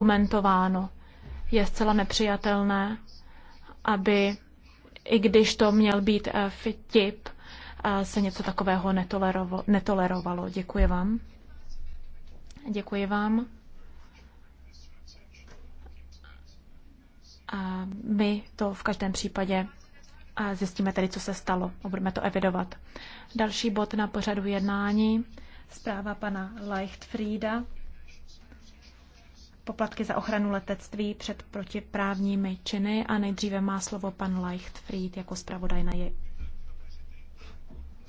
argumentováno. Je zcela nepřijatelné, aby i když to měl být eh, vtip, eh, se něco takového netolerovalo. Děkuji vám. Děkuji vám. A my to v každém případě zjistíme tedy, co se stalo a budeme to evidovat. Další bod na pořadu jednání, zpráva pana Leichtfrieda poplatky za ochranu letectví před protiprávními činy a nejdříve má slovo pan Leichtfried jako zpravodaj na, je...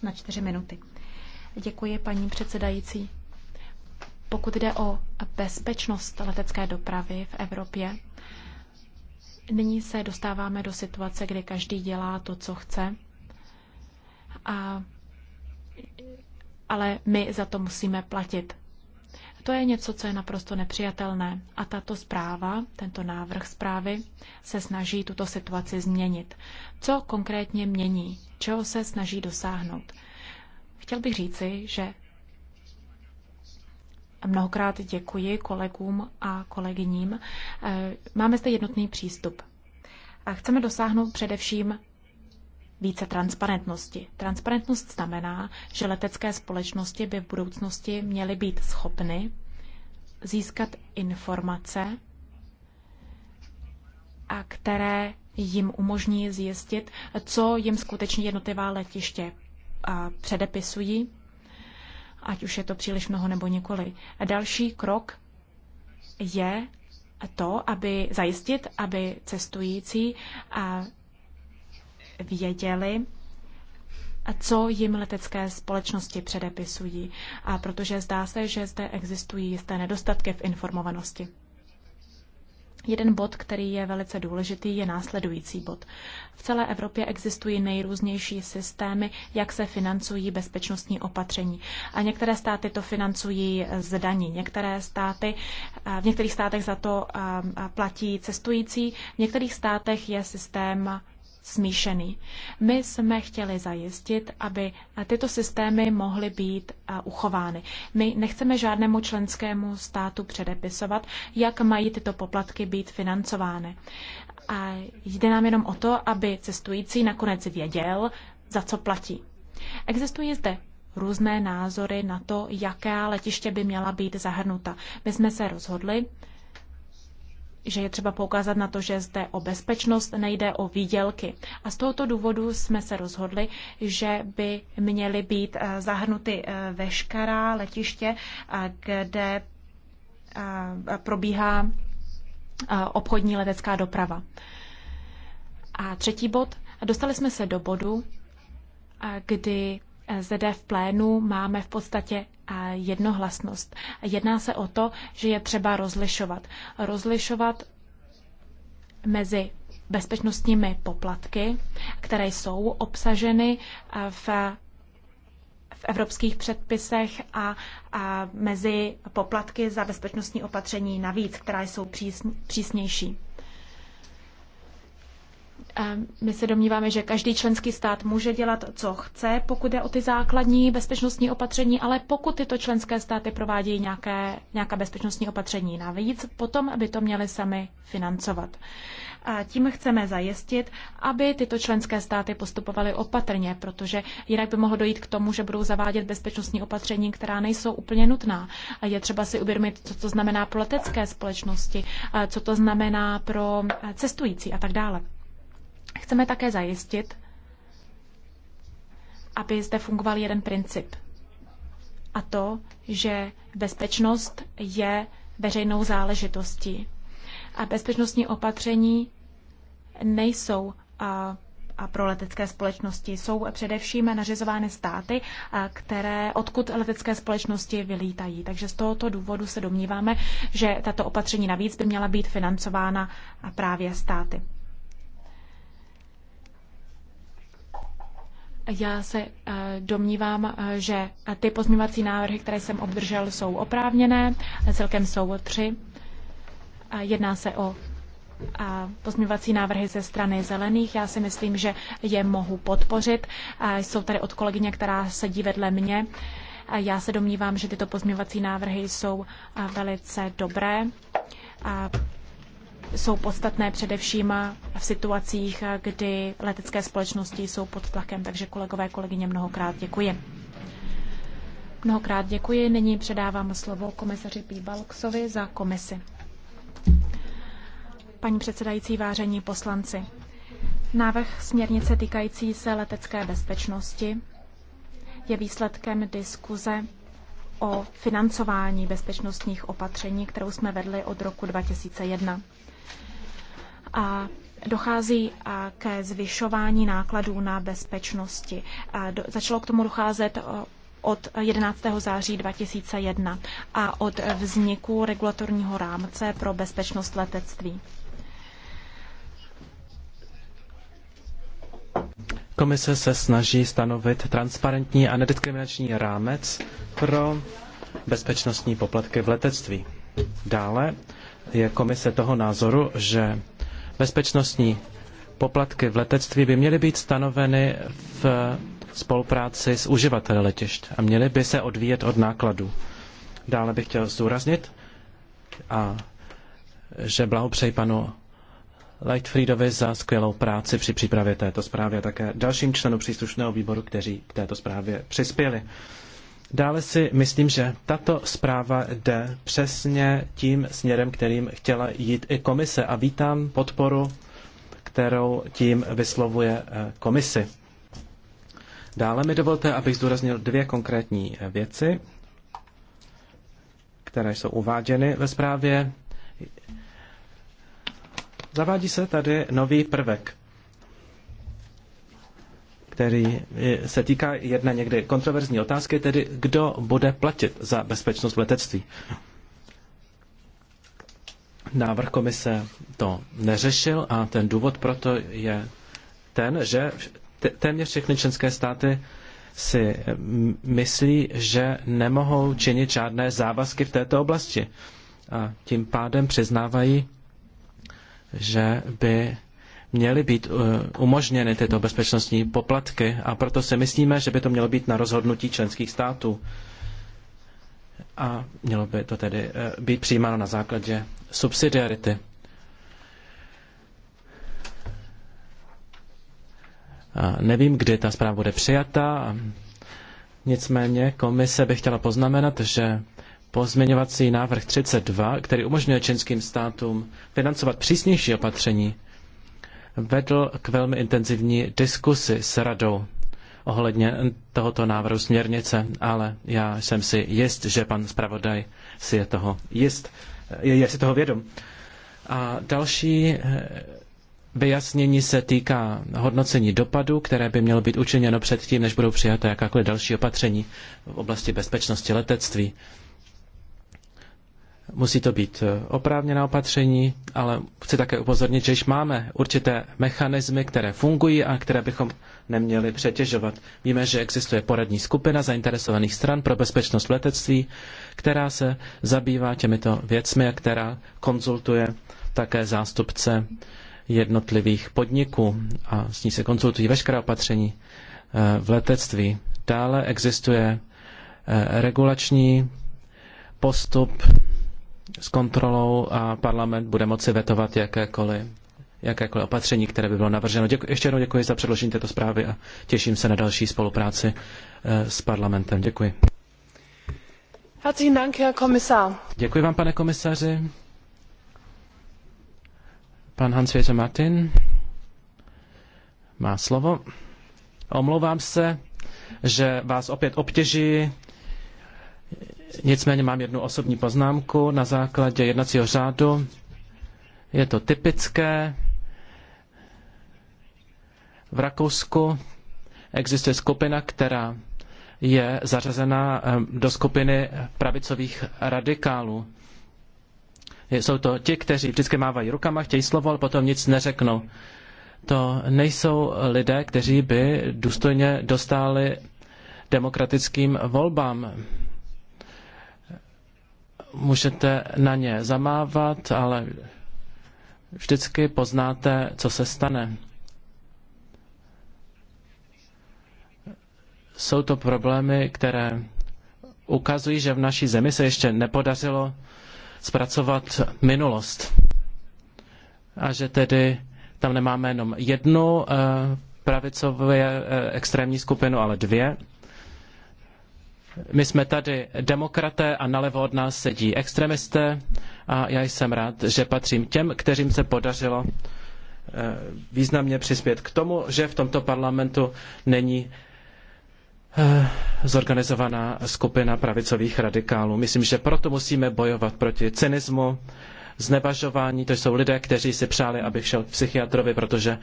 na čtyři minuty. Děkuji, paní předsedající. Pokud jde o bezpečnost letecké dopravy v Evropě, nyní se dostáváme do situace, kdy každý dělá to, co chce. A ale my za to musíme platit. To je něco, co je naprosto nepřijatelné. A tato zpráva, tento návrh zprávy, se snaží tuto situaci změnit. Co konkrétně mění? Čeho se snaží dosáhnout? Chtěl bych říci, že mnohokrát děkuji kolegům a kolegyním. Eh, máme zde jednotný přístup. A chceme dosáhnout především více transparentnosti. Transparentnost znamená, že letecké společnosti by v budoucnosti měly být schopny získat informace, a které jim umožní zjistit, co jim skutečně jednotlivá letiště předepisují, ať už je to příliš mnoho nebo nikoli. A další krok je to, aby zajistit, aby cestující věděli, co jim letecké společnosti předepisují, a protože zdá se, že zde existují jisté nedostatky v informovanosti. Jeden bod, který je velice důležitý, je následující bod. V celé Evropě existují nejrůznější systémy, jak se financují bezpečnostní opatření. A některé státy to financují z daní. Některé státy, v některých státech za to platí cestující, v některých státech je systém smíšený. My jsme chtěli zajistit, aby tyto systémy mohly být uchovány. My nechceme žádnému členskému státu předepisovat, jak mají tyto poplatky být financovány. A jde nám jenom o to, aby cestující nakonec věděl, za co platí. Existují zde různé názory na to, jaká letiště by měla být zahrnuta. My jsme se rozhodli, že je třeba poukázat na to, že zde o bezpečnost nejde o výdělky. A z tohoto důvodu jsme se rozhodli, že by měly být eh, zahrnuty eh, veškerá letiště, eh, kde probíhá obchodní letecká doprava. A třetí bod. Dostali jsme se do bodu, kdy zde v plénu máme v podstatě jednohlasnost. Jedná se o to, že je třeba rozlišovat. Rozlišovat mezi bezpečnostními poplatky, které jsou obsaženy v v evropských předpisech a, a mezi poplatky za bezpečnostní opatření navíc, která jsou přísn, přísnější. My se domníváme, že každý členský stát může dělat, co chce, pokud je o ty základní bezpečnostní opatření, ale pokud tyto členské státy provádějí nějaké, nějaká bezpečnostní opatření navíc, potom by to měly sami financovat. A tím chceme zajistit, aby tyto členské státy postupovaly opatrně, protože jinak by mohlo dojít k tomu, že budou zavádět bezpečnostní opatření, která nejsou úplně nutná. A je třeba si uvědomit, co to znamená pro letecké společnosti, co to znamená pro cestující a tak dále. Chceme také zajistit, aby zde fungoval jeden princip. A to, že bezpečnost je veřejnou záležitostí. A bezpečnostní opatření nejsou a, a pro letecké společnosti. Jsou především nařizovány státy, a které odkud letecké společnosti vylítají. Takže z tohoto důvodu se domníváme, že tato opatření navíc by měla být financována právě státy. Já se eh, domnívám, eh, že ty pozměňovací návrhy, které jsem obdržel, jsou oprávněné. Celkem jsou tři. Jedná se o pozměňovací návrhy ze strany zelených. Já si myslím, že je mohu podpořit. Jsou tady od kolegyně, která sedí vedle mě. Já se domnívám, že tyto pozměňovací návrhy jsou eh, velice dobré jsou podstatné především v situacích, kdy letecké společnosti jsou pod tlakem. Takže kolegové, kolegyně, mnohokrát děkuji. Mnohokrát děkuji. Nyní předávám slovo komisaři Píbalksovi za komisi. Paní předsedající, vážení poslanci, návrh směrnice týkající se letecké bezpečnosti je výsledkem diskuze o financování bezpečnostních opatření, kterou jsme vedli od roku 2001. A dochází ke zvyšování nákladů na bezpečnosti. Začalo k tomu docházet od 11. září 2001 a od vzniku regulatorního rámce pro bezpečnost letectví. Komise se snaží stanovit transparentní a nediskriminační rámec pro bezpečnostní poplatky v letectví. Dále je komise toho názoru, že bezpečnostní poplatky v letectví by měly být stanoveny v spolupráci s uživateli letišť a měly by se odvíjet od nákladů. Dále bych chtěl zdůraznit, a že blahopřeji panu Lightfriedovi za skvělou práci při přípravě této zprávy a také dalším členům příslušného výboru, kteří k této zprávě přispěli. Dále si myslím, že tato zpráva jde přesně tím směrem, kterým chtěla jít i komise a vítám podporu, kterou tím vyslovuje eh, komisi. Dále mi dovolte, abych zdůraznil dvě konkrétní eh, věci, které jsou uváděny ve zprávě. Zavádí se tady nový prvek který eh, se týká jedné někdy kontroverzní otázky, tedy kdo bude platit za bezpečnost v letectví. Návrh komise to neřešil a ten důvod proto je ten, že téměř všechny členské státy si eh, myslí, že nemohou činit žádné závazky v této oblasti. A tím pádem přiznávají, že by měly být eh, umožněny tyto bezpečnostní poplatky a proto si myslíme, že by to mělo být na rozhodnutí členských států. A mělo by to tedy eh, být přijímáno na základě subsidiarity. A nevím, kdy ta zpráva bude přijata. Nicméně komise by chtěla poznamenat, že pozměňovací návrh 32, který umožňuje členským státům financovat přísnější opatření, vedl k velmi intenzivní diskusi s radou ohledně tohoto návrhu směrnice, ale já jsem si jist, že pan zpravodaj si je toho jist, je, je si toho vědom. A další eh, vyjasnění se týká hodnocení dopadu, které by mělo být učiněno předtím, než budou přijaté jakákoliv další opatření v oblasti bezpečnosti letectví. Musí to být eh, oprávněná opatření, ale chci také upozornit, že již máme určité mechanismy, které fungují a které bychom neměli přetěžovat. Víme, že existuje poradní skupina zainteresovaných stran pro bezpečnost letectví, která se zabývá těmito věcmi a která konzultuje také zástupce jednotlivých podniků a s ní se konzultují veškerá opatření eh, v letectví. Dále existuje eh, regulační postup s kontrolou a parlament bude moci vetovat jakékoliv, jakékoliv opatření, které by bylo navrženo. Děku, ještě jednou děkuji za předložení této zprávy a těším se na další spolupráci eh, s parlamentem. Děkuji. Dank, Herr Kommissar. Děkuji vám, pane komisaři. Pan hans Věře Martin má slovo. Omlouvám se, že vás opět obtěží Nicméně mám jednu osobní poznámku na základě jednacího řádu. Je to typické. V Rakousku existuje skupina, která je zařazena do skupiny pravicových radikálů. Jsou to ti, kteří vždycky mávají rukama, chtějí slovo, ale potom nic neřeknou. To nejsou lidé, kteří by důstojně dostali demokratickým volbám můžete na ně zamávat, ale vždycky poznáte, co se stane. Jsou to problémy, které ukazují, že v naší zemi se ještě nepodařilo zpracovat minulost. A že tedy tam nemáme jenom jednu eh, pravicově eh, extrémní skupinu, ale dvě. My jsme tady demokraté a nalevo od nás sedí extremisté a já jsem rád, že patřím těm, kterým se podařilo eh, významně přispět k tomu, že v tomto parlamentu není eh, zorganizovaná skupina pravicových radikálů. Myslím, že proto musíme bojovat proti cynismu, znevažování. To jsou lidé, kteří si přáli, abych šel k psychiatrovi, protože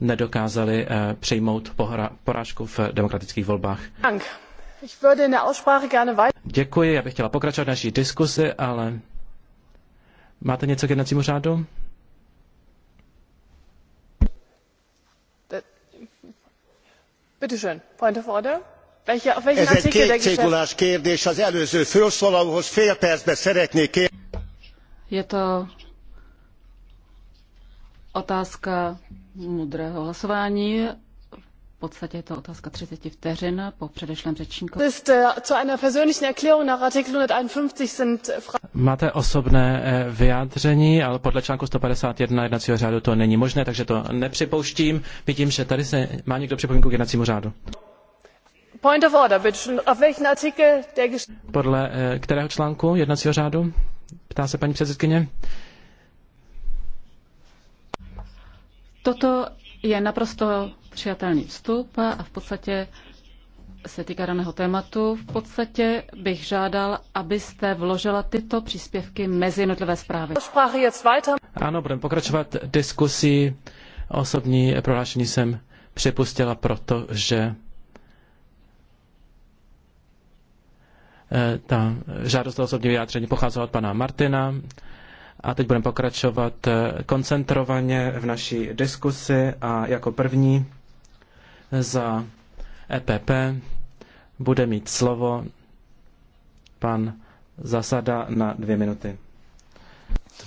nedokázali eh, přijmout porážku v demokratických volbách. Děkuji, já bych chtěla pokračovat naší diskusi, ale máte něco k jednacímu řádu? point of order. Je to otázka mudrého hlasování podstatě je to otázka 30 vteřin po předešlém řečníku. Máte osobné eh, vyjádření, ale podle článku 151 jednacího řádu to není možné, takže to nepřipouštím. Vidím, že tady se má někdo připomínku k jednacímu řádu. Point of order, bitte. Auf welchen Artikel der Podle eh, kterého článku jednacího řádu? Ptá se paní předsedkyně. Toto je naprosto přijatelný vstup a v podstatě se týká daného tématu. V podstatě bych žádal, abyste vložila tyto příspěvky mezi jednotlivé zprávy. Ano, budeme pokračovat diskusí. Osobní prohlášení jsem přepustila, protože eh, ta žádost o osobní vyjádření pocházela od pana Martina. A teď budeme pokračovat eh, koncentrovaně v naší diskusi a jako první za EPP bude mít slovo pan Zasada na dvě minuty.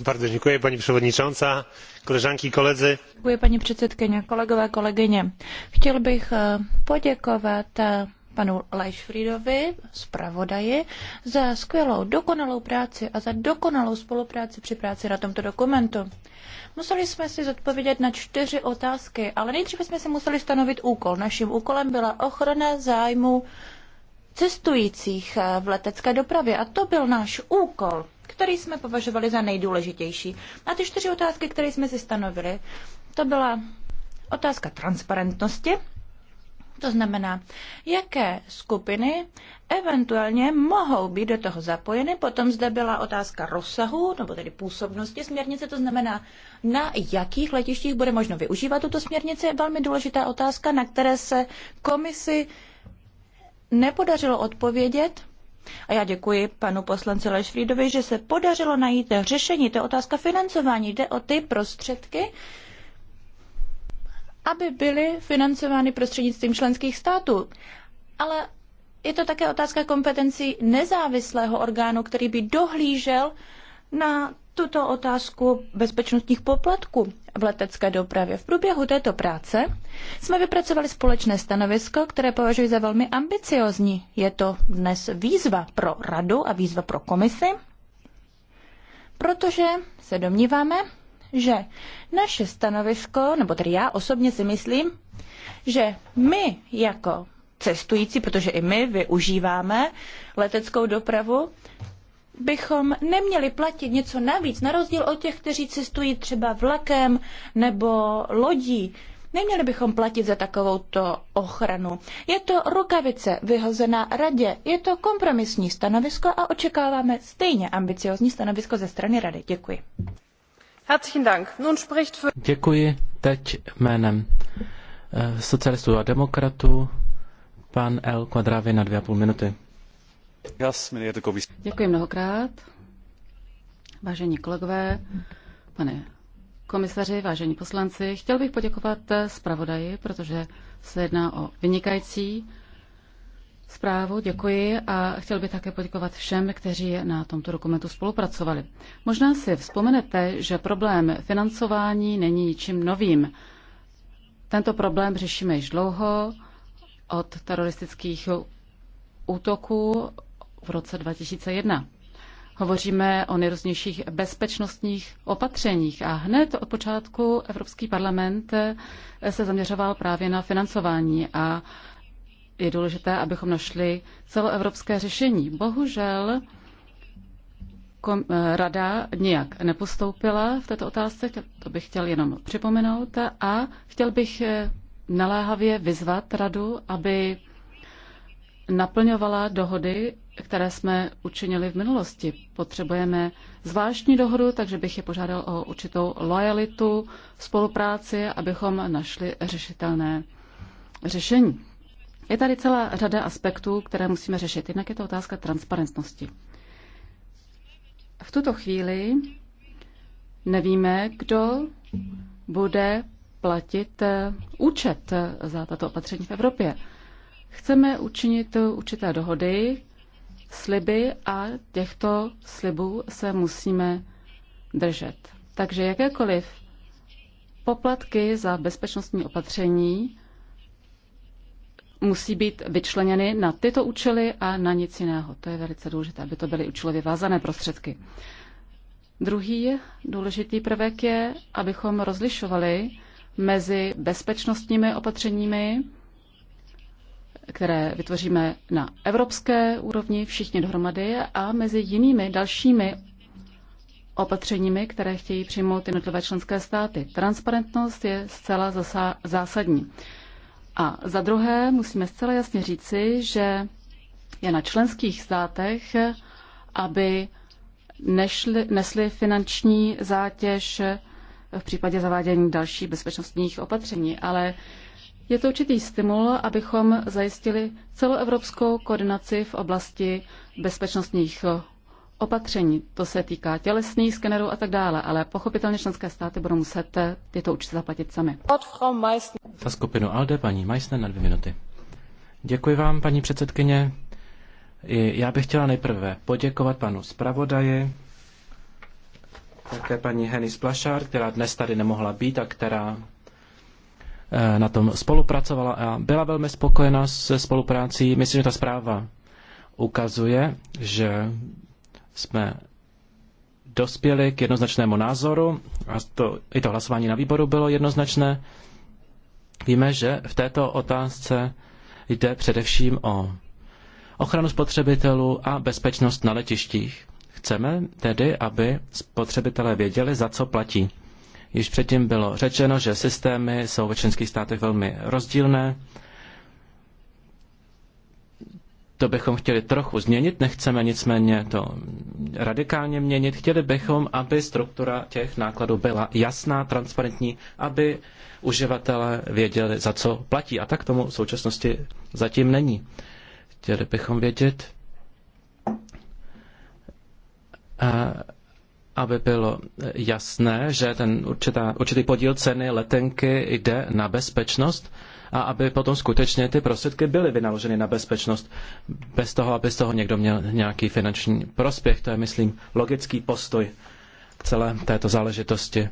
Bardzo dziękuję paní przewodnicząca, koleżanki, koledzy. Dziękuję paní předsedkyně, kolegové, kolegyně. Chciałbym bych e, poděkovat e, panu Leichfriedovi, zpravodaji, za skvělou, dokonalou práci a za dokonalou spolupráci při práci na tomto dokumentu. Museli jsme si zodpovědět na čtyři otázky, ale nejdříve jsme si museli stanovit úkol. Naším úkolem byla ochrana zájmu cestujících eh, v letecké dopravě a to byl náš úkol který jsme považovali za nejdůležitější. A ty čtyři otázky, které jsme si stanovili, to byla otázka transparentnosti, to znamená, jaké skupiny eventuálně mohou být do toho zapojeny. Potom zde byla otázka rozsahu, nebo tedy působnosti směrnice, to znamená, na jakých letištích bude možno využívat tuto směrnici, je velmi důležitá otázka, na které se komisi nepodařilo odpovědět. A já děkuji panu poslanci Lešfrídovi, že se podařilo najít řešení. To je otázka financování. Jde o ty prostředky, aby byly financovány prostřednictvím členských států. Ale je to také otázka kompetencí nezávislého orgánu, který by dohlížel na tuto otázku bezpečnostních poplatků v letecké dopravě. V průběhu této práce jsme vypracovali společné stanovisko, které považuji za velmi ambiciozní. Je to dnes výzva pro radu a výzva pro komisi, protože se domníváme, že naše stanovisko, nebo tedy já osobně si myslím, že my jako cestující, protože i my využíváme leteckou dopravu, bychom neměli platit něco navíc, na rozdíl od těch, kteří cestují třeba vlakem nebo lodí. Neměli bychom platit za takovouto ochranu. Je to rukavice vyhozená radě, je to kompromisní stanovisko a očekáváme stejně ambiciozní stanovisko ze strany rady. Děkuji. Děkuji teď jménem eh, socialistů a demokratů pan El Quadravi na dvě a půl minuty. Děkuji mnohokrát. Vážení kolegové, pane komisaři, vážení poslanci, chtěl bych poděkovat eh, zpravodaji, protože se jedná o vynikající zprávu, děkuji a chtěl bych také poděkovat všem, kteří na tomto dokumentu spolupracovali. Možná si vzpomenete, že problém financování není ničím novým. Tento problém řešíme již dlouho od teroristických útoků v roce 2001. Hovoříme o nejrůznějších bezpečnostních opatřeních a hned od počátku Evropský parlament se zaměřoval právě na financování a je důležité, abychom našli celoevropské řešení. Bohužel eh, rada nijak nepostoupila v této otázce, to bych chtěl jenom připomenout a chtěl bych eh, naléhavě vyzvat radu, aby naplňovala dohody, které jsme učinili v minulosti. Potřebujeme zvláštní dohodu, takže bych je požádal o určitou lojalitu, spolupráci, abychom našli řešitelné řešení. Je tady celá řada aspektů, které musíme řešit. Jednak je to otázka transparentnosti. V tuto chvíli nevíme, kdo bude platit eh, účet eh, za tato opatření v Evropě. Chceme učinit určité dohody, sliby a těchto slibů se musíme držet. Takže jakékoliv poplatky za bezpečnostní opatření musí být vyčleněny na tyto účely a na nic jiného. To je velice důležité, aby to byly účelově vázané prostředky. Druhý důležitý prvek je, abychom rozlišovali mezi bezpečnostními opatřeními, které vytvoříme na evropské úrovni všichni dohromady a mezi jinými dalšími opatřeními, které chtějí přijmout jednotlivé členské státy. Transparentnost je zcela zásadní. A za druhé musíme zcela jasně říci, že je na členských státech, aby nešli, nesli finanční zátěž v případě zavádění dalších bezpečnostních opatření, ale je to určitý stimul, abychom zajistili celoevropskou koordinaci v oblasti bezpečnostních opatření. To se týká tělesných skenerů a tak dále, ale pochopitelně členské státy budou muset tyto účty zaplatit sami. Za skupinu ALDE paní Meissner na dvě minuty. Děkuji vám, paní předsedkyně. Já bych chtěla nejprve poděkovat panu zpravodaji, také paní Henny Splašár, která dnes tady nemohla být a která eh, na tom spolupracovala a byla velmi spokojena se spoluprácí. Myslím, že ta zpráva ukazuje, že jsme dospěli k jednoznačnému názoru a to, i to hlasování na výboru bylo jednoznačné. Víme, že v této otázce jde především o ochranu spotřebitelů a bezpečnost na letištích. Chceme tedy, aby spotřebitelé věděli, za co platí. Již předtím bylo řečeno, že systémy jsou ve členských státech velmi rozdílné to bychom chtěli trochu změnit, nechceme nicméně to radikálně měnit. Chtěli bychom, aby struktura těch nákladů byla jasná, transparentní, aby uživatelé věděli, za co platí. A tak tomu v současnosti zatím není. Chtěli bychom vědět, aby bylo jasné, že ten určitá, určitý podíl ceny letenky jde na bezpečnost a aby potom skutečně ty prostředky byly vynaloženy na bezpečnost, bez toho, aby z toho někdo měl nějaký finanční prospěch. To je, myslím, logický postoj k celé této záležitosti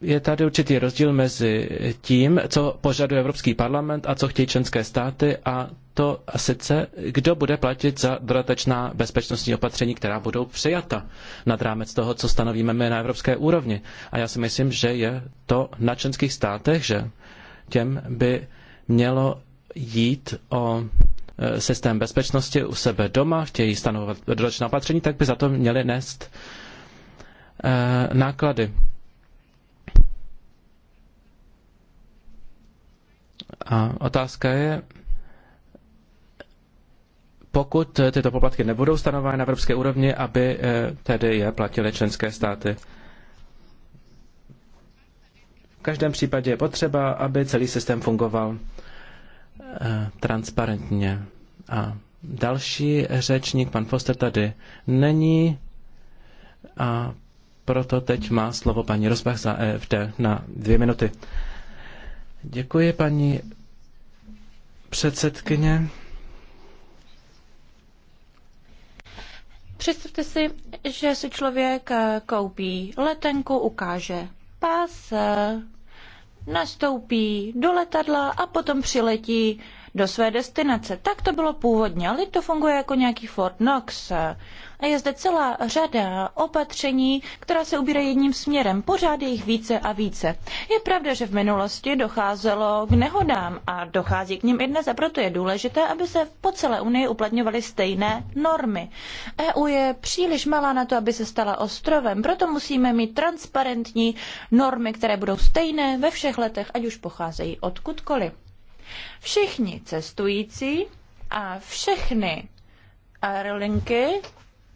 je tady určitý rozdíl mezi tím, co požaduje Evropský parlament a co chtějí členské státy a to sice, kdo bude platit za dodatečná bezpečnostní opatření, která budou přijata nad rámec toho, co stanovíme my na evropské úrovni. A já si myslím, že je to na členských státech, že těm by mělo jít o e, systém bezpečnosti u sebe doma, chtějí stanovovat dodatečná opatření, tak by za to měli nést e, náklady. A otázka je, pokud tyto poplatky nebudou stanovány na evropské úrovni, aby eh, tedy je platily členské státy. V každém případě je potřeba, aby celý systém fungoval eh, transparentně. A další řečník, pan Foster, tady není a proto teď má slovo paní Rozbach za EFD na dvě minuty. Děkuji, paní předsedkyně. Představte si, že si člověk eh, koupí letenku, ukáže pas, eh, nastoupí do letadla a potom přiletí do své destinace. Tak to bylo původně, ale to funguje jako nějaký Fort Knox. A je zde celá řada opatření, která se ubírají jedním směrem. Pořád je jich více a více. Je pravda, že v minulosti docházelo k nehodám a dochází k ním i dnes a proto je důležité, aby se po celé Unii uplatňovaly stejné normy. EU je příliš malá na to, aby se stala ostrovem, proto musíme mít transparentní normy, které budou stejné ve všech letech, ať už pocházejí odkudkoliv. Všichni cestující a všechny aerolinky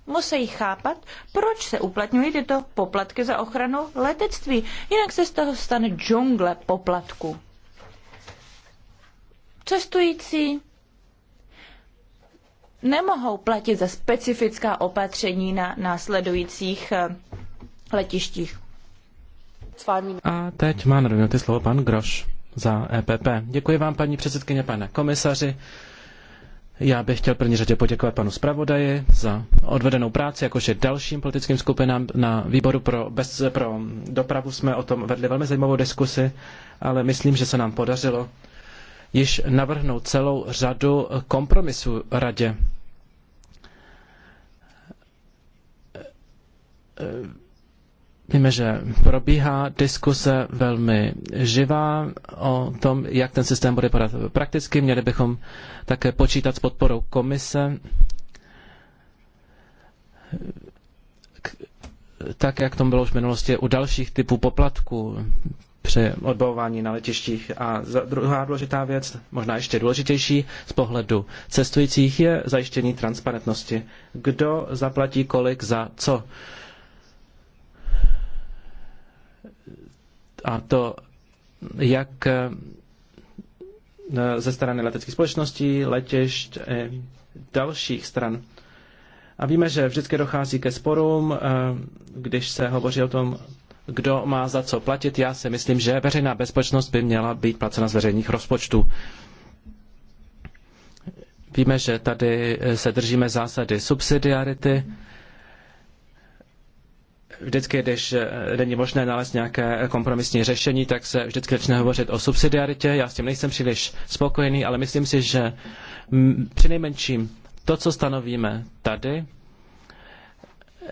musí chápat, proč se uplatňují tyto poplatky za ochranu letectví. Jinak se z toho stane džungle poplatku. Cestující nemohou platit za specifická opatření na následujících eh, letištích. A teď má na slovo pan Groš za EPP. Děkuji vám, paní předsedkyně, pane komisaři. Já bych chtěl první řadě poděkovat panu zpravodaji za odvedenou práci, jakože dalším politickým skupinám na výboru pro, bez, pro dopravu jsme o tom vedli velmi zajímavou diskusi, ale myslím, že se nám podařilo již navrhnout celou řadu kompromisů radě. E, Víme, že probíhá diskuse velmi živá o tom, jak ten systém bude vypadat prakticky. Měli bychom také počítat s podporou komise, tak jak tomu bylo už v minulosti u dalších typů poplatků při odbavování na letištích. A druhá důležitá věc, možná ještě důležitější z pohledu cestujících, je zajištění transparentnosti. Kdo zaplatí kolik za co? a to jak eh, ze strany leteckých společností, letěšť, eh, dalších stran. A víme, že vždycky dochází ke sporům, eh, když se hovoří o tom, kdo má za co platit. Já si myslím, že veřejná bezpečnost by měla být placena z veřejných rozpočtů. Víme, že tady se držíme zásady subsidiarity. Hmm vždycky, když eh, není možné nalézt nějaké kompromisní řešení, tak se vždycky začne hovořit o subsidiaritě. Já s tím nejsem příliš spokojený, ale myslím si, že přinejmenším to, co stanovíme tady,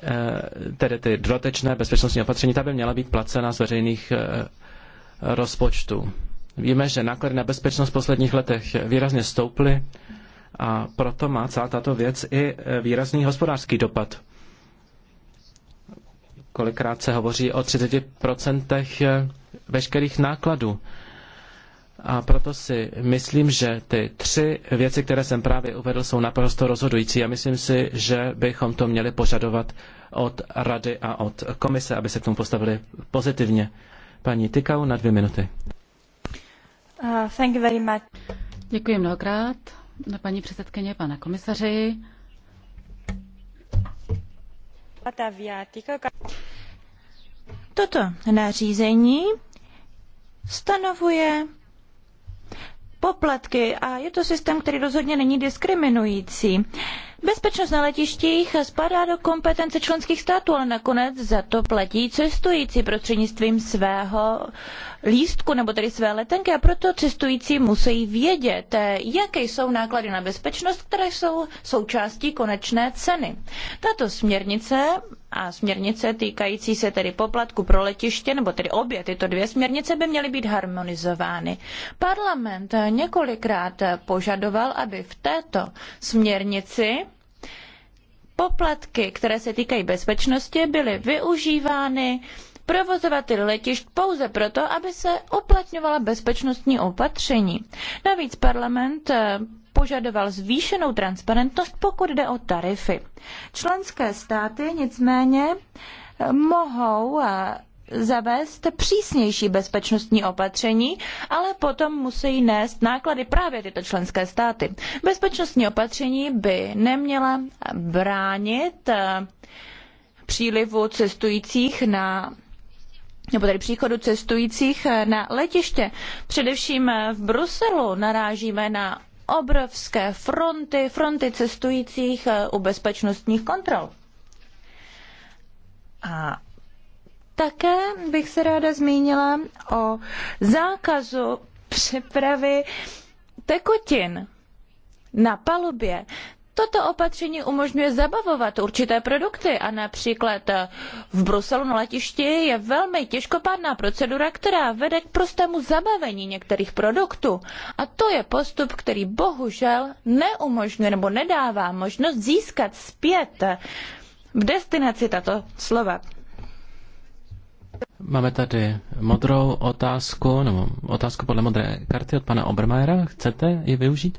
eh, tedy ty dodatečné bezpečnostní opatření, ta by měla být placena z veřejných eh, rozpočtů. Víme, že náklady na bezpečnost v posledních letech výrazně stouply a proto má celá tato věc i výrazný hospodářský dopad. Kolikrát se hovoří o 30% eh, veškerých nákladů. A proto si myslím, že ty tři věci, které jsem právě uvedl, jsou naprosto rozhodující a myslím si, že bychom to měli požadovat od Rady a od komise, aby se k tomu postavili pozitivně. Paní Tykau na dvě minuty. Uh, thank you very much. Děkuji mnohokrát, paní předsedkyně, pane komisaři. Toto nařízení stanovuje poplatky a je to systém, který rozhodně není diskriminující. Bezpečnost na letištích spadá do kompetence členských států, ale nakonec za to platí cestující prostřednictvím svého lístku nebo tedy své letenky a proto cestující musí vědět, eh, jaké jsou náklady na bezpečnost, které jsou součástí konečné ceny. Tato směrnice a směrnice týkající se tedy poplatku pro letiště, nebo tedy obě tyto dvě směrnice by měly být harmonizovány. Parlament eh, několikrát eh, požadoval, aby v této směrnici poplatky, které se týkají bezpečnosti, byly využívány provozovateli letišť pouze proto, aby se uplatňovala bezpečnostní opatření. Navíc parlament eh, požadoval zvýšenou transparentnost, pokud jde o tarify. Členské státy nicméně eh, mohou eh, zavést přísnější bezpečnostní opatření, ale potom musí nést náklady právě tyto členské státy. Bezpečnostní opatření by neměla bránit přílivu cestujících na nebo tedy příchodu cestujících eh, na letiště. Především eh, v Bruselu narážíme na obrovské fronty, fronty cestujících eh, u bezpečnostních kontrol. A také bych se ráda zmínila o zákazu přepravy tekutin na palubě. Toto opatření umožňuje zabavovat určité produkty a například eh, v Bruselu na letišti je velmi těžkopádná procedura, která vede k prostému zabavení některých produktů. A to je postup, který bohužel neumožňuje nebo nedává možnost získat zpět eh, v destinaci tato slova. Máme tady modrou otázku, nebo otázku podle modré karty od pana Obermajera. Chcete ji využít?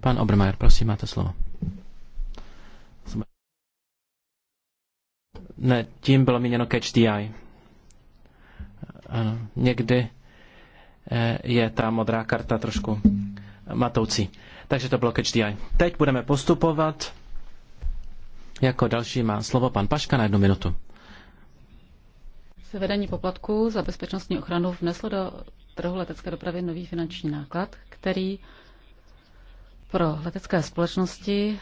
Pan Obermajer, prosím, máte slovo. Ne, tím bylo měněno catch the eye. Ano, někdy eh, je ta modrá karta trošku matoucí. Takže to bylo catch the eye. Teď budeme postupovat. Jako další má slovo pan Paška na jednu minutu. vedení poplatků za bezpečnostní ochranu vneslo do trhu letecké dopravy nový finanční náklad, který pro letecké společnosti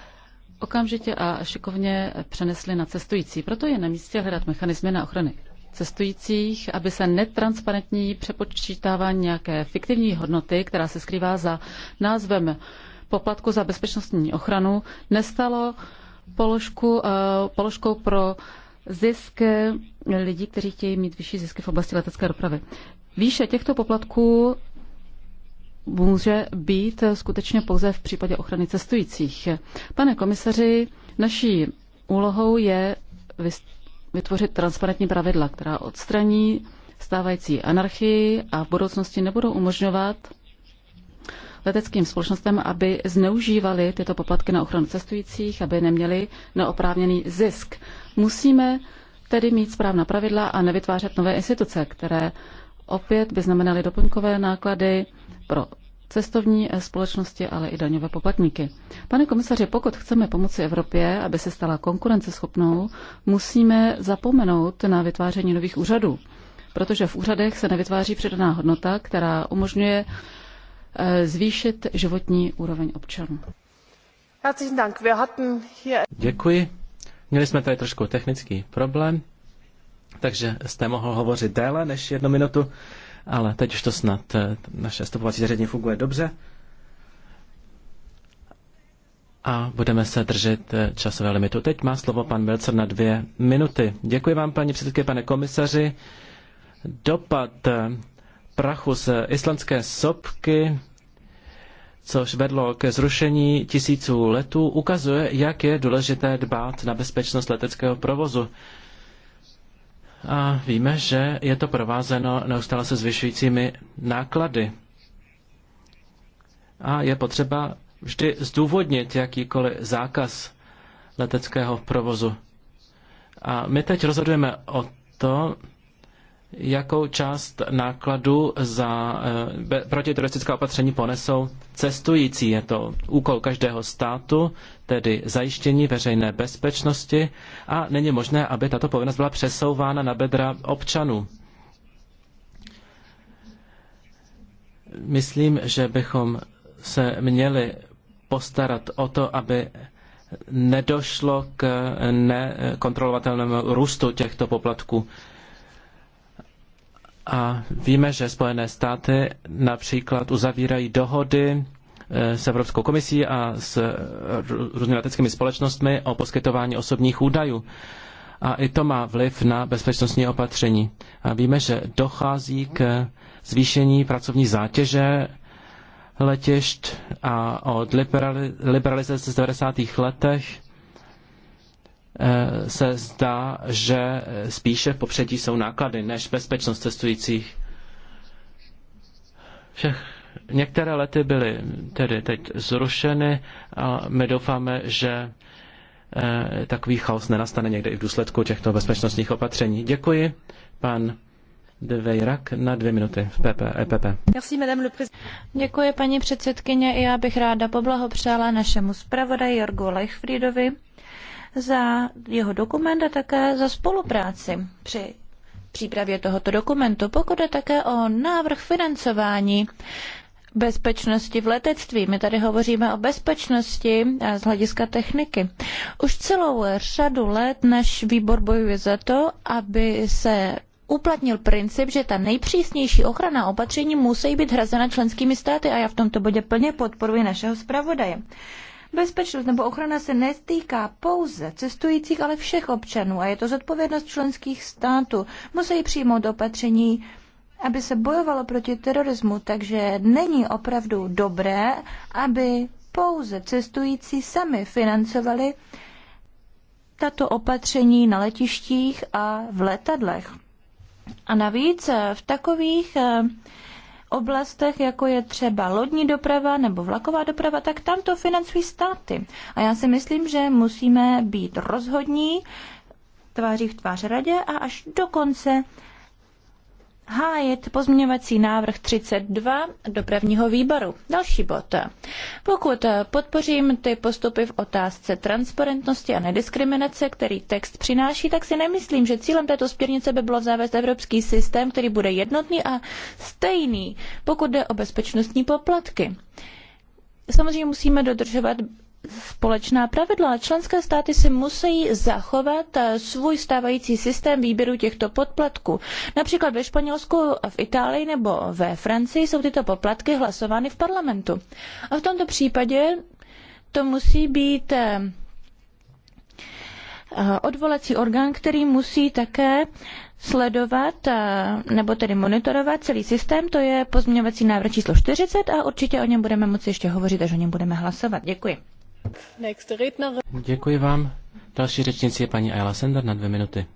okamžitě a šikovně přenesli na cestující. Proto je na místě hledat mechanismy na ochrany cestujících, aby se netransparentní přepočítávání nějaké fiktivní hodnoty, která se skrývá za názvem poplatku za bezpečnostní ochranu, nestalo položku, eh, položkou pro zisk eh, lidí, kteří chtějí mít vyšší zisky v oblasti letecké dopravy. Výše těchto poplatků může být skutečně pouze v případě ochrany cestujících. Pane komisaři, naší úlohou je vytvořit transparentní pravidla, která odstraní stávající anarchii a v budoucnosti nebudou umožňovat leteckým společnostem, aby zneužívali tyto poplatky na ochranu cestujících, aby neměli neoprávněný zisk. Musíme tedy mít správná pravidla a nevytvářet nové instituce, které opět by znamenaly doplňkové náklady, pro cestovní eh, společnosti, ale i daňové poplatníky. Pane komisaři, pokud chceme pomoci Evropě, aby se stala konkurenceschopnou, musíme zapomenout na vytváření nových úřadů, protože v úřadech se nevytváří přidaná hodnota, která umožňuje eh, zvýšit životní úroveň občanů. Děkuji. Měli jsme tady trošku technický problém, takže jste mohl hovořit déle než jednu minutu ale teď už to snad eh, naše stopovací zařízení funguje dobře. A budeme se držet eh, časové limitu. Teď má slovo pan Melcer na dvě minuty. Děkuji vám, paní předsedkyně, pane komisaři. Dopad eh, prachu z islandské sopky, což vedlo ke zrušení tisíců letů, ukazuje, jak je důležité dbát na bezpečnost leteckého provozu. A víme, že je to provázeno neustále se zvyšujícími náklady. A je potřeba vždy zdůvodnit jakýkoliv zákaz leteckého provozu. A my teď rozhodujeme o to, jakou část nákladu za eh, protiteroristická opatření ponesou cestující. Je to úkol každého státu tedy zajištění veřejné bezpečnosti a není možné, aby tato povinnost byla přesouvána na bedra občanů. Myslím, že bychom se měli postarat o to, aby nedošlo k nekontrolovatelnému růstu těchto poplatků. A víme, že Spojené státy například uzavírají dohody s Evropskou komisí a s různými leteckými společnostmi o poskytování osobních údajů. A i to má vliv na bezpečnostní opatření. A víme, že dochází k zvýšení pracovní zátěže letišť a od liberalizace z 90. letech eh, se zdá, že spíše v popředí jsou náklady než bezpečnost cestujících. Všech Některé lety byly tedy teď zrušeny a my doufáme, že eh, takový chaos nenastane někde i v důsledku těchto bezpečnostních opatření. Děkuji, pan de Vejrak na dvě minuty v PP, EPP. Děkuji, paní předsedkyně. Já bych ráda poblahopřála našemu zpravodaji Jorgu Leichfriedovi za jeho dokument a také za spolupráci při přípravě tohoto dokumentu, pokud je také o návrh financování bezpečnosti v letectví. My tady hovoříme o bezpečnosti eh, z hlediska techniky. Už celou řadu let náš výbor bojuje za to, aby se uplatnil princip, že ta nejpřísnější ochrana opatření musí být hrazena členskými státy a já v tomto bodě plně podporuji našeho zpravodaje. Bezpečnost nebo ochrana se netýká pouze cestujících, ale všech občanů a je to zodpovědnost členských států. Musí přijmout opatření aby se bojovalo proti terorismu, takže není opravdu dobré, aby pouze cestující sami financovali tato opatření na letištích a v letadlech. A navíc eh, v takových eh, oblastech, jako je třeba lodní doprava nebo vlaková doprava, tak tam to financují státy. A já si myslím, že musíme být rozhodní tváří v tvář radě a až do konce hájit pozměňovací návrh 32 dopravního výboru. Další bod. Pokud podpořím ty postupy v otázce transparentnosti a nediskriminace, který text přináší, tak si nemyslím, že cílem této směrnice by bylo zavést evropský systém, který bude jednotný a stejný, pokud jde o bezpečnostní poplatky. Samozřejmě musíme dodržovat společná pravidla. Členské státy si musí zachovat eh, svůj stávající systém výběru těchto poplatků. Například ve Španělsku, v Itálii nebo ve Francii jsou tyto poplatky hlasovány v parlamentu. A v tomto případě to musí být eh, eh, odvolací orgán, který musí také sledovat nebo tedy monitorovat celý systém. To je pozměňovací návrh číslo 40 a určitě o něm budeme moci ještě hovořit, až o něm budeme hlasovat. Děkuji. Děkuji vám. Další řečnici je paní Ayla Sender na dvě minuty.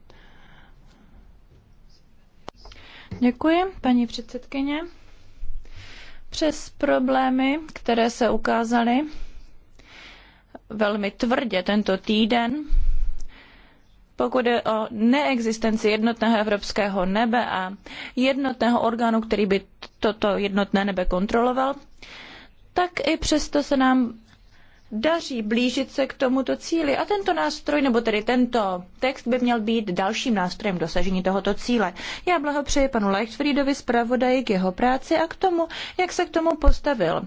Děkuji, paní předsedkyně. Přes problémy, které se ukázaly velmi tvrdě tento týden, pokud je o neexistenci jednotného evropského nebe a jednotného orgánu, který by toto jednotné nebe kontroloval, tak i přesto se nám daří blížit se k tomuto cíli. A tento nástroj, nebo tedy tento text by měl být dalším nástrojem dosažení tohoto cíle. Já blahopřeji panu Leichtfriedovi zpravodaji k jeho práci a k tomu, jak se k tomu postavil.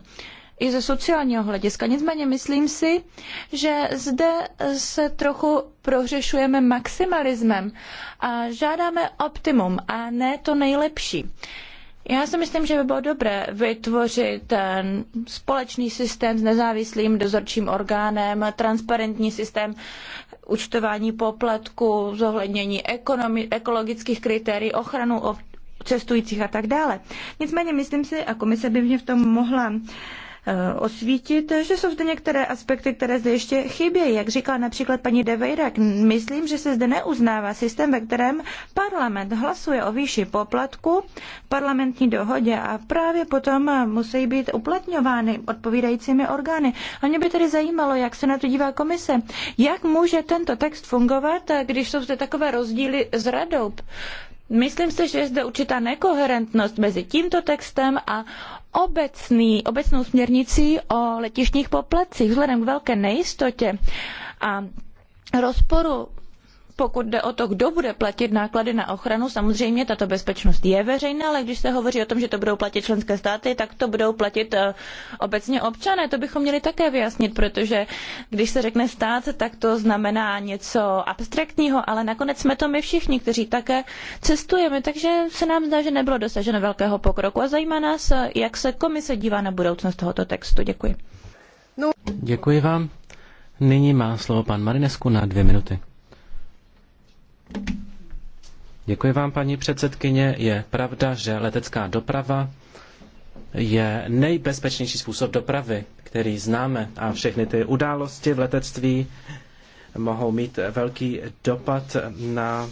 I ze sociálního hlediska. Nicméně myslím si, že zde se trochu prohřešujeme maximalismem a žádáme optimum a ne to nejlepší. Já si myslím, že by bylo dobré vytvořit eh, společný systém s nezávislým dozorčím orgánem, transparentní systém účtování poplatku, zohlednění ekonomi- ekologických kritérií, ochranu cestujících a tak dále. Nicméně myslím si, a komise by mě v tom mohla Eh, osvítit, že jsou zde některé aspekty, které zde ještě chybějí. Jak říkala například paní De Vejrak, myslím, že se zde neuznává systém, ve kterém parlament hlasuje o výši poplatku v parlamentní dohodě a právě potom musí být uplatňovány odpovídajícími orgány. A mě by tedy zajímalo, jak se na to dívá komise. Jak může tento text fungovat, když jsou zde takové rozdíly s radou? Myslím si, že je zde určitá nekoherentnost mezi tímto textem a obecný, obecnou směrnicí o letišních poplatcích. Vzhledem k velké nejistotě a rozporu pokud jde o to, kdo bude platit náklady na ochranu, samozřejmě tato bezpečnost je veřejná, ale když se hovoří o tom, že to budou platit členské státy, tak to budou platit eh, obecně občané. To bychom měli také vyjasnit, protože když se řekne stát, tak to znamená něco abstraktního, ale nakonec jsme to my všichni, kteří také cestujeme, takže se nám zdá, že nebylo dosaženo velkého pokroku a zajímá nás, eh, jak se komise dívá na budoucnost tohoto textu. Děkuji. No. Děkuji vám. Nyní má slovo pan Marinesku na dvě minuty. Děkuji vám, paní předsedkyně. Je pravda, že letecká doprava je nejbezpečnější způsob dopravy, který známe a všechny ty události v letectví mohou mít velký dopad na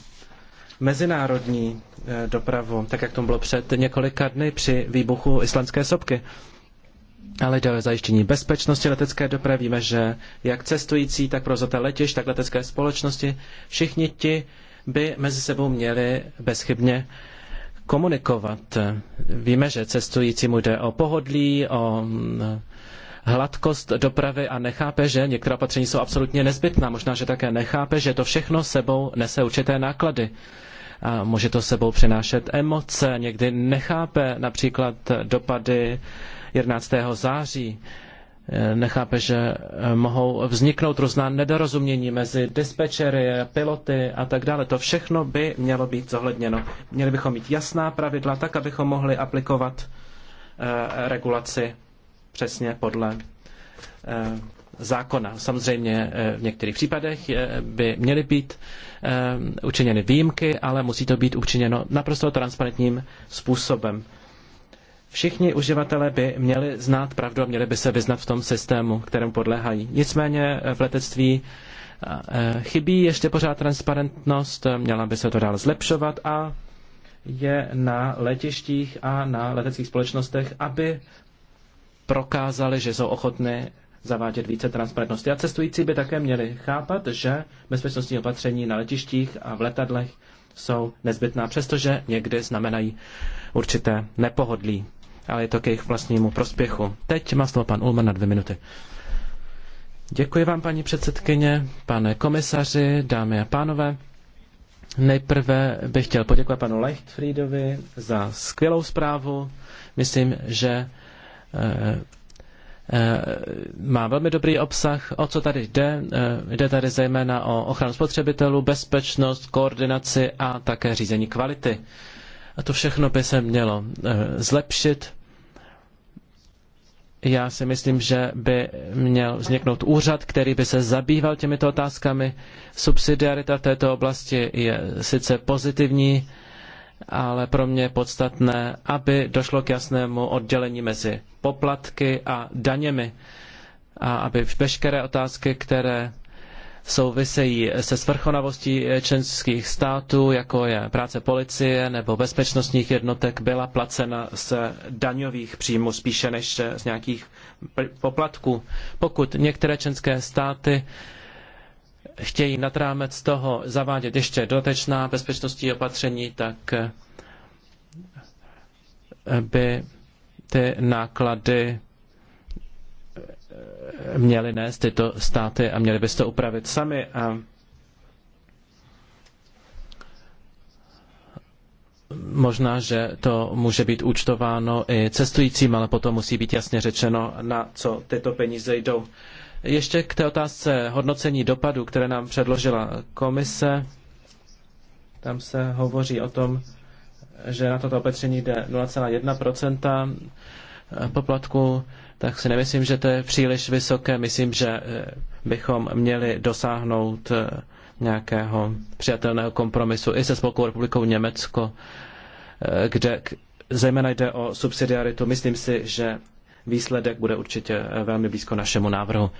mezinárodní eh, dopravu, tak jak tomu bylo před několika dny při výbuchu islandské sopky. Ale jde o zajištění bezpečnosti letecké dopravy. Víme, že jak cestující, tak provozovatel letišť, tak letecké společnosti, všichni ti, by mezi sebou měli bezchybně komunikovat. Víme, že cestujícímu jde o pohodlí, o mm, hladkost dopravy a nechápe, že některá opatření jsou absolutně nezbytná. Možná, že také nechápe, že to všechno sebou nese určité náklady. A může to sebou přinášet emoce, někdy nechápe například dopady 11. září Eh, nechápe, že eh, mohou vzniknout různá nedorozumění mezi dispečery, piloty a tak dále. To všechno by mělo být zohledněno. Měli bychom mít jasná pravidla, tak abychom mohli aplikovat eh, regulaci přesně podle zákona. Samozřejmě v některých případech by měly být učiněny výjimky, ale musí to být učiněno naprosto transparentním způsobem. Všichni uživatelé by měli znát pravdu a měli by se vyznat v tom systému, kterému podléhají. Nicméně v letectví eh, chybí ještě pořád transparentnost, měla by se to dál zlepšovat a je na letištích a na leteckých společnostech, aby prokázali, že jsou ochotny zavádět více transparentnosti. A cestující by také měli chápat, že bezpečnostní opatření na letištích a v letadlech jsou nezbytná, přestože někdy znamenají určité nepohodlí ale je to k jejich vlastnímu prospěchu. Teď má slovo pan Ulmer na dvě minuty. Děkuji vám, paní předsedkyně, pane komisaři, dámy a pánové. Nejprve bych chtěl poděkovat panu Leichtfriedovi za skvělou zprávu. Myslím, že eh, eh, má velmi dobrý obsah. O co tady jde? Eh, jde tady zejména o ochranu spotřebitelů, bezpečnost, koordinaci a také řízení kvality. A to všechno by se mělo eh, zlepšit. Já si myslím, že by měl vzniknout úřad, který by se zabýval těmito otázkami. Subsidiarita v této oblasti je sice pozitivní, ale pro mě je podstatné, aby došlo k jasnému oddělení mezi poplatky a daněmi a aby veškeré otázky, které souvisejí se svrchovaností členských států, jako je práce policie nebo bezpečnostních jednotek, byla placena z daňových příjmů spíše než z nějakých poplatků. Pokud některé členské státy chtějí nad rámec toho zavádět ještě dodatečná bezpečnostní opatření, tak by ty náklady měly nést tyto státy a měly by to upravit sami. A možná, že to může být účtováno i cestujícím, ale potom musí být jasně řečeno, na co tyto peníze jdou. Ještě k té otázce hodnocení dopadu, které nám předložila komise. Tam se hovoří o tom, že na toto opatření jde 0,1 poplatku tak si nemyslím, že to je příliš vysoké. Myslím, že eh, bychom měli dosáhnout eh, nějakého přijatelného kompromisu i se spolkou republikou Německo, eh, kde zejména jde o subsidiaritu. Myslím si, že výsledek bude určitě velmi blízko našemu návrhu.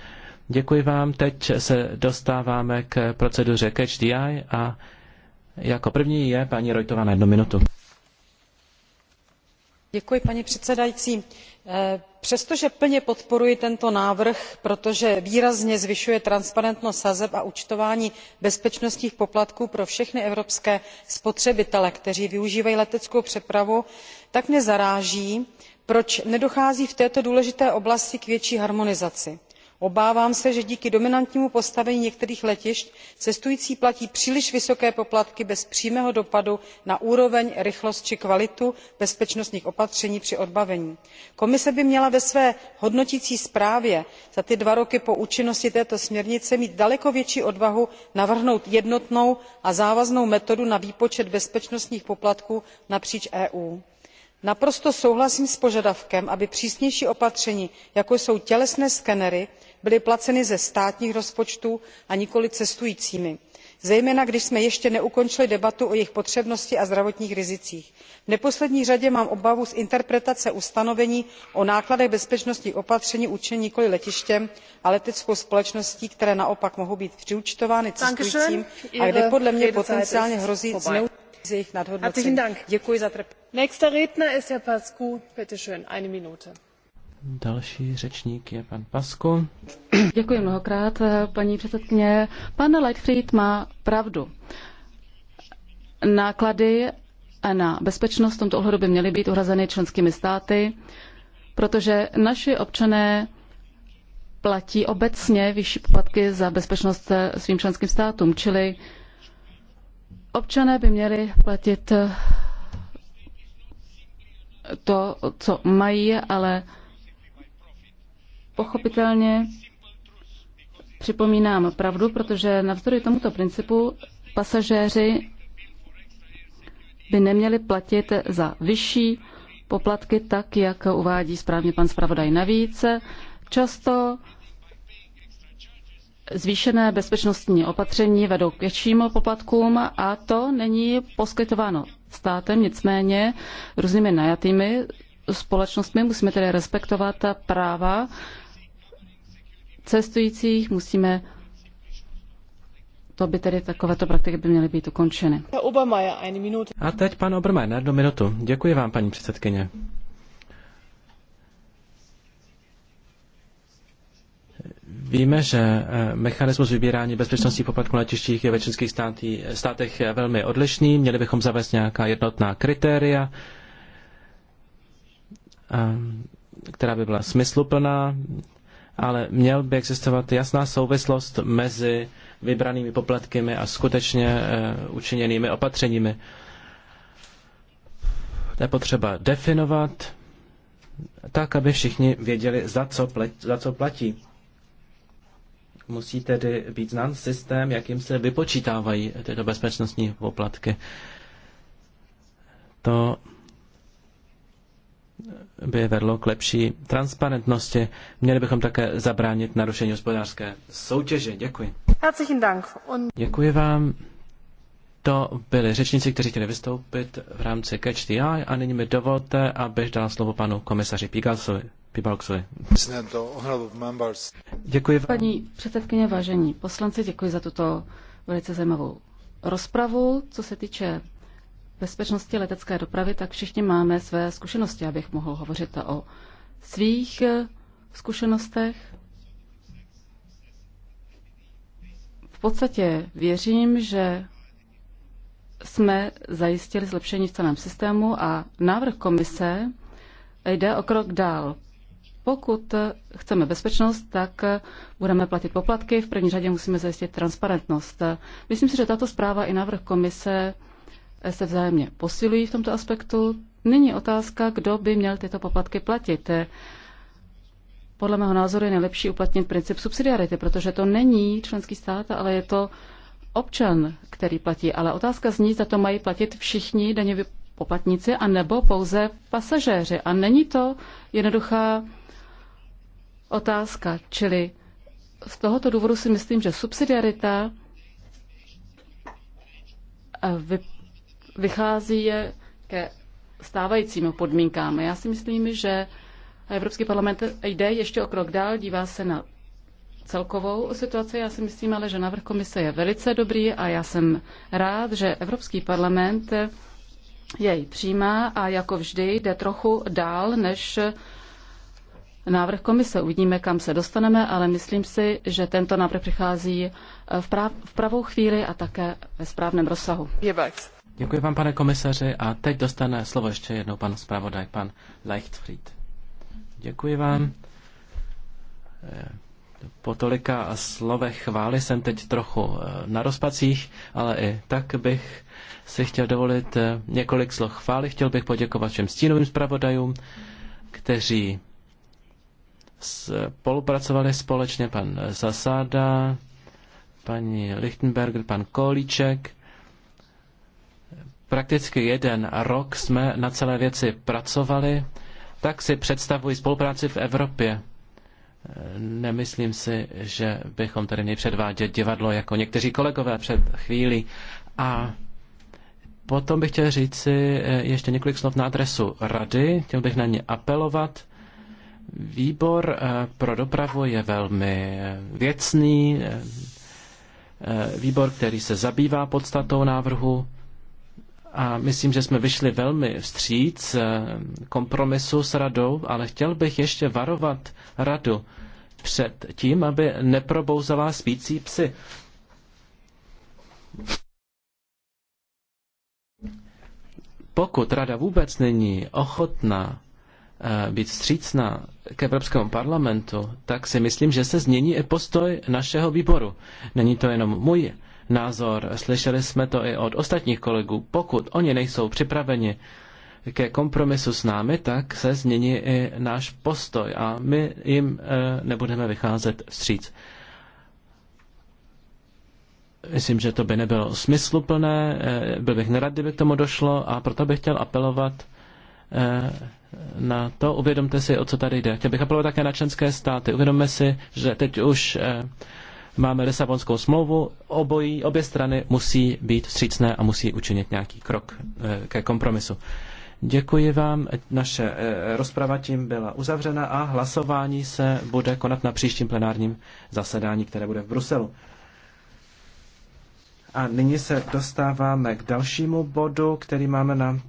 Děkuji vám. Teď se dostáváme k proceduře Catch DI a jako první je paní Rojtová na jednu minutu. Děkuji, paní předsedající přestože plně podporuji tento návrh protože výrazně zvyšuje transparentnost sazeb a účtování bezpečnostních poplatků pro všechny evropské spotřebitele kteří využívají leteckou přepravu tak mě zaráží proč nedochází v této důležité oblasti k větší harmonizaci obávám se že díky dominantnímu postavení některých letišť cestující platí příliš vysoké poplatky bez přímého dopadu na úroveň rychlost či kvalitu bezpečnostních opatření při odbavení. komise by měla ve své hodnotící zprávě za ty dva roky po účinnosti této směrnice mít daleko větší odvahu navrhnout jednotnou a závaznou metodu na výpočet bezpečnostních poplatků napříč eu. naprosto souhlasím s požadavkem aby přísnější opatření jako jsou tělesné skenery byly placeny ze státních rozpočtů a nikoli cestujícími zejména když jsme ještě neukončili debatu o jejich potřebnosti a zdravotních rizicích. v neposlední řadě mám obavu z interpretace ustanovení o nákladech bezpečnostních opatření určených nikoli letištěm a leteckou společností které naopak mohou být přiúčtovány cestujícím a kde podle mě potenciálně hrozí zneužití z jejich nadhodnocení. děkuji za trpělivost. Další řečník je pan Pasko. Děkuji mnohokrát, paní předsedkyně. Pan Leitfried má pravdu. Náklady na bezpečnost v tomto ohledu by měly být uhrazeny členskými státy, protože naši občané platí obecně vyšší poplatky za bezpečnost svým členským státům, čili občané by měli platit to, co mají, ale pochopitelně připomínám pravdu, protože navzdory tomuto principu pasažéři by neměli platit za vyšší poplatky, tak jak uvádí správně pan zpravodaj. Navíc často zvýšené bezpečnostní opatření vedou k větším poplatkům a to není poskytováno státem, nicméně různými najatými společnostmi. Musíme tedy respektovat práva cestujících. Musíme to by tedy takovéto praktiky by měly být ukončeny. A teď pan Obermeier na jednu minutu. Děkuji vám, paní předsedkyně. Víme, že eh, mechanismus vybírání bezpečnostních poplatků na letištích je ve členských státech velmi odlišný. Měli bychom zavést nějaká jednotná kritéria, eh, která by byla smysluplná ale měl by existovat jasná souvislost mezi vybranými poplatkami a skutečně eh, učiněnými opatřeními. To je potřeba definovat tak, aby všichni věděli, za co, platí, za co platí. Musí tedy být znám systém, jakým se vypočítávají tyto bezpečnostní poplatky. To by vedlo k lepší transparentnosti. Měli bychom také zabránit narušení hospodářské soutěže. Děkuji. Herzlichen Dank. Děkuji vám. To byli řečníci, kteří chtěli vystoupit v rámci Catch the Eye a nyní mi dovolte, abych dal slovo panu komisaři Pigalsovi. Děkuji. Vám. Paní předsedkyně, vážení poslanci, děkuji za tuto velice zajímavou rozpravu, co se týče bezpečnosti letecké dopravy, tak všichni máme své zkušenosti, abych mohl hovořit o svých eh, zkušenostech. V podstatě věřím, že jsme zajistili zlepšení v celém systému a návrh komise jde o krok dál. Pokud eh, chceme bezpečnost, tak eh, budeme platit poplatky. V první řadě musíme zajistit transparentnost. Myslím si, že tato zpráva i návrh komise se vzájemně posilují v tomto aspektu. Nyní otázka, kdo by měl tyto poplatky platit. Podle mého názoru je nejlepší uplatnit princip subsidiarity, protože to není členský stát, ale je to občan, který platí. Ale otázka zní, zda to mají platit všichni daňoví poplatníci, anebo pouze pasažéři. A není to jednoduchá otázka. Čili z tohoto důvodu si myslím, že subsidiarita eh, vychází je ke stávajícím podmínkám. Já si myslím, že Evropský parlament jde ještě o krok dál, dívá se na celkovou situaci. Já si myslím ale, že návrh komise je velice dobrý a já jsem rád, že Evropský parlament jej přijímá a jako vždy jde trochu dál než návrh komise. Uvidíme, kam se dostaneme, ale myslím si, že tento návrh přichází v, prav, v pravou chvíli a také ve správném rozsahu. Pěvax. Děkuji vám, pane komisaři, a teď dostane slovo ještě jednou pan zpravodaj, pan Leichtfried. Děkuji vám. Eh, po tolika slovech chvály jsem teď trochu eh, na rozpacích, ale i tak bych si chtěl dovolit eh, několik slov chvály. Chtěl bych poděkovat všem stínovým zpravodajům, kteří spolupracovali společně pan Zasáda, paní Lichtenberger, pan Kolíček, prakticky jeden rok jsme na celé věci pracovali, tak si představuji spolupráci v Evropě. Nemyslím si, že bychom tady měli předvádět divadlo jako někteří kolegové před chvílí. A potom bych chtěl říci eh, ještě několik slov na adresu rady. Chtěl bych na ně apelovat. Výbor eh, pro dopravu je velmi eh, věcný, výbor, který se zabývá podstatou návrhu a myslím, že jsme vyšli velmi vstříc eh, kompromisu s radou, ale chtěl bych ještě varovat radu před tím, aby neprobouzala spící psy. Pokud rada vůbec není ochotná eh, být vstřícná k Evropskému parlamentu, tak si myslím, že se změní i postoj našeho výboru. Není to jenom můj názor. Slyšeli jsme to i od ostatních kolegů. Pokud oni nejsou připraveni ke kompromisu s námi, tak se změní i náš postoj a my jim eh, nebudeme vycházet vstříc. Myslím, že to by nebylo smysluplné, eh, byl bych nerad, kdyby k tomu došlo a proto bych chtěl apelovat eh, na to. Uvědomte si, o co tady jde. Chtěl bych apelovat také na členské státy. Uvědomme si, že teď už máme Lisabonskou smlouvu, obojí, obě strany musí být vstřícné a musí učinit nějaký krok eh, ke kompromisu. Děkuji vám. Naše eh, rozprava tím byla uzavřena a hlasování se bude konat na příštím plenárním zasedání, které bude v Bruselu. A nyní se dostáváme k dalšímu bodu, který máme na